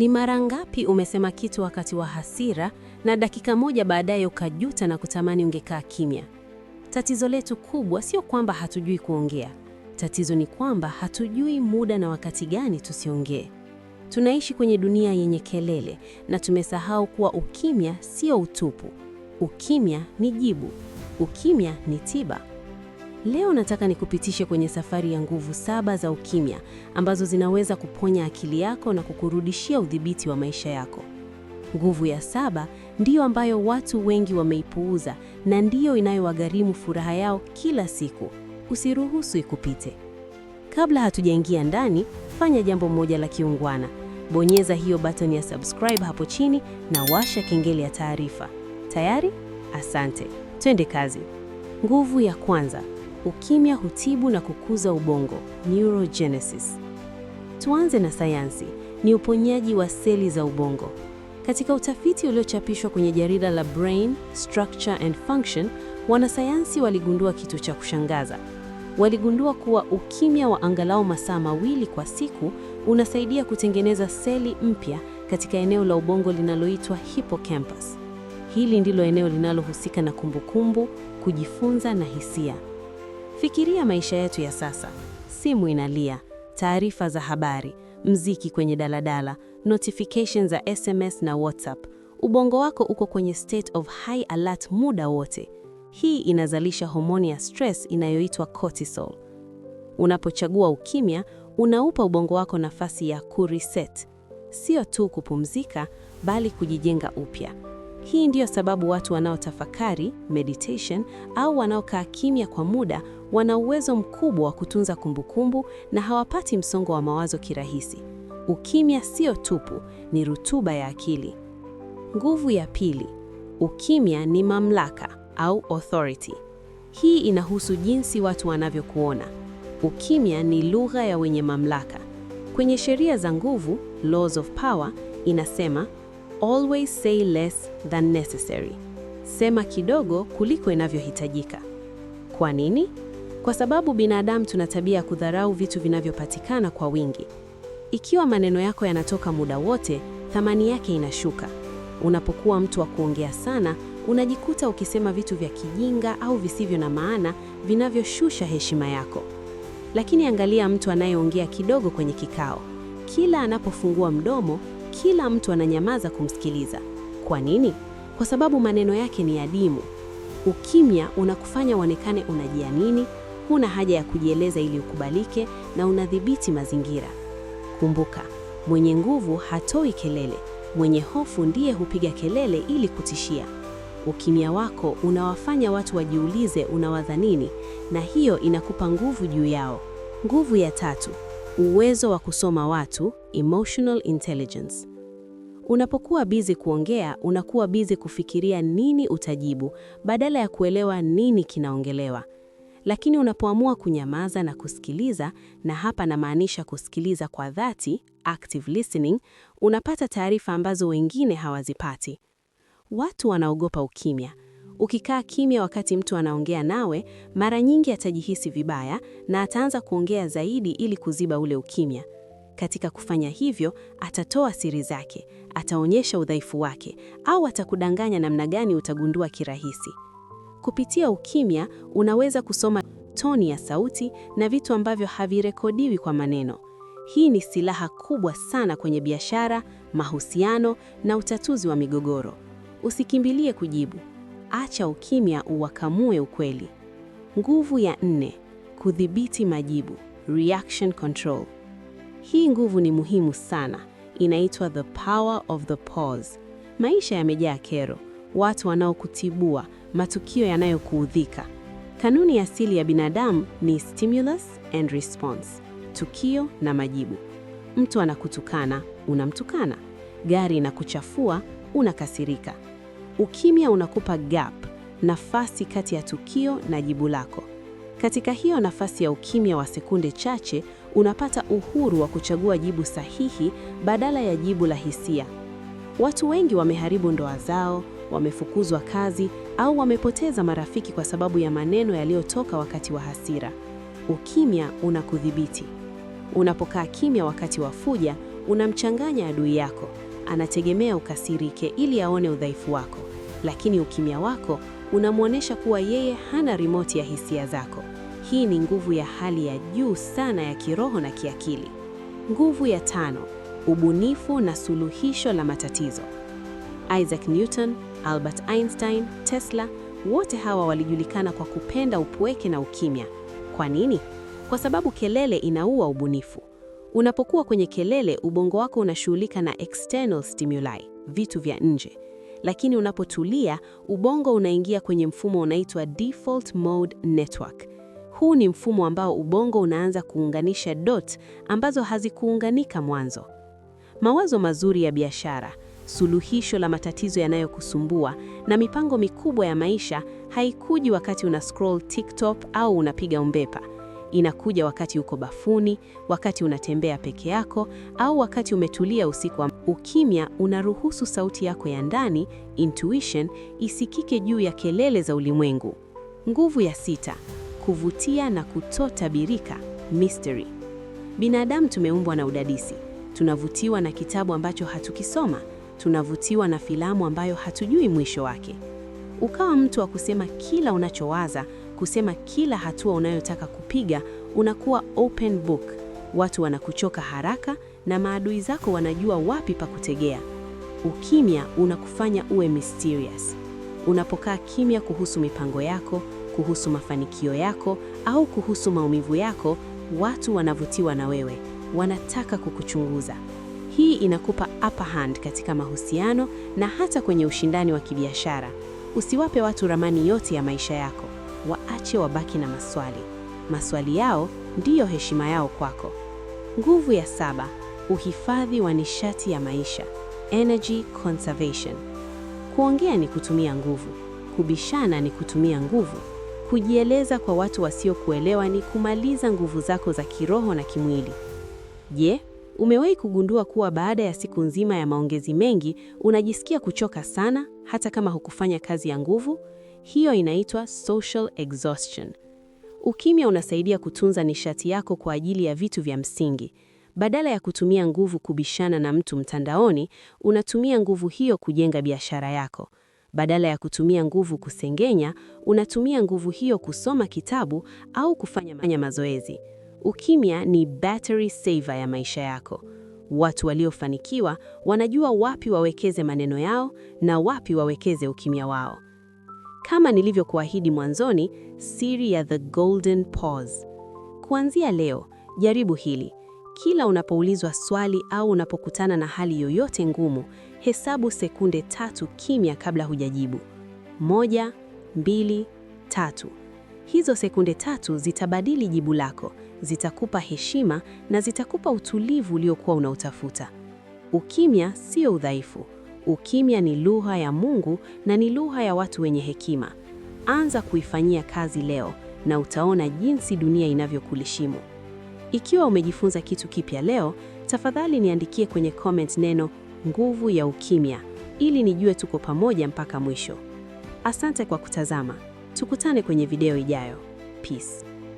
Ni mara ngapi umesema kitu wakati wa hasira na dakika moja baadaye ukajuta na kutamani ungekaa kimya? Tatizo letu kubwa sio kwamba hatujui kuongea. Tatizo ni kwamba hatujui muda na wakati gani tusiongee. Tunaishi kwenye dunia yenye kelele na tumesahau kuwa ukimya sio utupu. Ukimya ni jibu. Ukimya ni tiba. Leo nataka nikupitishe kwenye safari ya nguvu saba za ukimya ambazo zinaweza kuponya akili yako na kukurudishia udhibiti wa maisha yako. Nguvu ya saba ndiyo ambayo watu wengi wameipuuza na ndiyo inayowagharimu furaha yao kila siku. Usiruhusu ikupite. Kabla hatujaingia ndani, fanya jambo moja la kiungwana. Bonyeza hiyo button ya subscribe hapo chini na washa kengele ya taarifa. Tayari? Asante. Twende kazi. Nguvu ya kwanza, Ukimya hutibu na kukuza ubongo, neurogenesis. Tuanze na sayansi, ni uponyaji wa seli za ubongo. Katika utafiti uliochapishwa kwenye jarida la Brain Structure and Function, wanasayansi waligundua kitu cha kushangaza. Waligundua kuwa ukimya wa angalau masaa mawili kwa siku unasaidia kutengeneza seli mpya katika eneo la ubongo linaloitwa hippocampus. Hili ndilo eneo linalohusika na kumbukumbu, kujifunza na hisia. Fikiria maisha yetu ya sasa: simu inalia, taarifa za habari, mziki kwenye daladala, notification za SMS na WhatsApp. Ubongo wako uko kwenye state of high alert muda wote. Hii inazalisha homoni ya stress inayoitwa cortisol. Unapochagua ukimya, unaupa ubongo wako nafasi ya kureset, sio tu kupumzika, bali kujijenga upya. Hii ndiyo sababu watu wanaotafakari meditation au wanaokaa kimya kwa muda wana uwezo mkubwa wa kutunza kumbukumbu na hawapati msongo wa mawazo kirahisi. Ukimya sio tupu, ni rutuba ya akili. Nguvu ya pili, ukimya ni mamlaka au authority. Hii inahusu jinsi watu wanavyokuona. Ukimya ni lugha ya wenye mamlaka. Kwenye sheria za nguvu, laws of power, inasema always say less than necessary, sema kidogo kuliko inavyohitajika. Kwa nini? kwa sababu binadamu tuna tabia ya kudharau vitu vinavyopatikana kwa wingi. Ikiwa maneno yako yanatoka muda wote, thamani yake inashuka. Unapokuwa mtu wa kuongea sana, unajikuta ukisema vitu vya kijinga au visivyo na maana vinavyoshusha heshima yako. Lakini angalia mtu anayeongea kidogo kwenye kikao. Kila anapofungua mdomo, kila mtu ananyamaza kumsikiliza. Kwa nini? Kwa sababu maneno yake ni adimu. Ukimya unakufanya uonekane unajiamini huna haja ya kujieleza ili ukubalike na unadhibiti mazingira. Kumbuka, mwenye nguvu hatoi kelele, mwenye hofu ndiye hupiga kelele ili kutishia. Ukimya wako unawafanya watu wajiulize unawadha nini, na hiyo inakupa nguvu juu yao. Nguvu ya tatu, uwezo wa kusoma watu, emotional intelligence. Unapokuwa bizi kuongea, unakuwa bizi kufikiria nini utajibu badala ya kuelewa nini kinaongelewa. Lakini unapoamua kunyamaza na kusikiliza, na hapa namaanisha kusikiliza kwa dhati, active listening, unapata taarifa ambazo wengine hawazipati. Watu wanaogopa ukimya. Ukikaa kimya wakati mtu anaongea nawe, mara nyingi atajihisi vibaya na ataanza kuongea zaidi ili kuziba ule ukimya. Katika kufanya hivyo, atatoa siri zake, ataonyesha udhaifu wake, au atakudanganya namna gani utagundua kirahisi. Kupitia ukimya unaweza kusoma toni ya sauti na vitu ambavyo havirekodiwi kwa maneno. Hii ni silaha kubwa sana kwenye biashara, mahusiano na utatuzi wa migogoro. Usikimbilie kujibu. Acha ukimya uwakamue ukweli. Nguvu ya nne, kudhibiti majibu, reaction control. Hii nguvu ni muhimu sana. Inaitwa the power of the pause. Maisha yamejaa kero, watu wanaokutibua, matukio yanayokuudhika. Kanuni asili ya binadamu ni stimulus and response, tukio na majibu. Mtu anakutukana, unamtukana. Gari inakuchafua, unakasirika. Ukimya unakupa gap, nafasi kati ya tukio na jibu lako. Katika hiyo nafasi ya ukimya wa sekunde chache, unapata uhuru wa kuchagua jibu sahihi badala ya jibu la hisia. Watu wengi wameharibu ndoa zao, wamefukuzwa kazi au wamepoteza marafiki kwa sababu ya maneno yaliyotoka wakati wa hasira. Ukimya unakudhibiti. Unapokaa kimya wakati wa fuja, unamchanganya adui yako. Anategemea ukasirike ili aone udhaifu wako, lakini ukimya wako unamwonyesha kuwa yeye hana remote ya hisia zako. Hii ni nguvu ya hali ya juu sana ya kiroho na kiakili. Nguvu ya tano: ubunifu na suluhisho la matatizo. Isaac Newton Albert Einstein, Tesla, wote hawa walijulikana kwa kupenda upweke na ukimya. Kwa nini? Kwa sababu kelele inaua ubunifu. Unapokuwa kwenye kelele, ubongo wako unashughulika na external stimuli, vitu vya nje. Lakini unapotulia, ubongo unaingia kwenye mfumo unaitwa default mode network. Huu ni mfumo ambao ubongo unaanza kuunganisha dot ambazo hazikuunganika mwanzo. Mawazo mazuri ya biashara suluhisho la matatizo yanayokusumbua na mipango mikubwa ya maisha haikuji wakati una scroll TikTok au unapiga umbepa Inakuja wakati uko bafuni, wakati unatembea peke yako, au wakati umetulia usiku. Ukimya unaruhusu sauti yako ya ndani, intuition, isikike juu ya kelele za ulimwengu. Nguvu ya sita: kuvutia na kutotabirika, mystery. Binadamu tumeumbwa na udadisi. Tunavutiwa na kitabu ambacho hatukisoma tunavutiwa na filamu ambayo hatujui mwisho wake. Ukawa mtu wa kusema kila unachowaza, kusema kila hatua unayotaka kupiga, unakuwa open book. Watu wanakuchoka haraka na maadui zako wanajua wapi pa kutegea. Ukimya unakufanya uwe mysterious. Unapokaa kimya kuhusu mipango yako, kuhusu mafanikio yako au kuhusu maumivu yako, watu wanavutiwa na wewe, wanataka kukuchunguza. Hii inakupa upper hand katika mahusiano na hata kwenye ushindani wa kibiashara. Usiwape watu ramani yote ya maisha yako, waache wabaki na maswali. Maswali yao ndiyo heshima yao kwako. Nguvu ya saba: uhifadhi wa nishati ya maisha, energy conservation. Kuongea ni kutumia nguvu, kubishana ni kutumia nguvu, kujieleza kwa watu wasiokuelewa ni kumaliza nguvu zako za kiroho na kimwili. Je, Umewahi kugundua kuwa baada ya siku nzima ya maongezi mengi unajisikia kuchoka sana, hata kama hukufanya kazi ya nguvu? Hiyo inaitwa social exhaustion. Ukimya unasaidia kutunza nishati yako kwa ajili ya vitu vya msingi. Badala ya kutumia nguvu kubishana na mtu mtandaoni, unatumia nguvu hiyo kujenga biashara yako. Badala ya kutumia nguvu kusengenya, unatumia nguvu hiyo kusoma kitabu au kufanya mazoezi. Ukimya ni battery saver ya maisha yako. Watu waliofanikiwa wanajua wapi wawekeze maneno yao na wapi wawekeze ukimya wao. Kama nilivyokuahidi mwanzoni, siri ya the golden pause. Kuanzia leo, jaribu hili. Kila unapoulizwa swali au unapokutana na hali yoyote ngumu, hesabu sekunde tatu kimya kabla hujajibu. Moja, mbili, tatu. Hizo sekunde tatu zitabadili jibu lako zitakupa heshima na zitakupa utulivu uliokuwa unautafuta. Ukimya sio udhaifu. Ukimya ni lugha ya Mungu na ni lugha ya watu wenye hekima. Anza kuifanyia kazi leo na utaona jinsi dunia inavyokulishimu. Ikiwa umejifunza kitu kipya leo, tafadhali niandikie kwenye comment neno nguvu ya ukimya ili nijue tuko pamoja mpaka mwisho. Asante kwa kutazama. Tukutane kwenye video ijayo. Peace.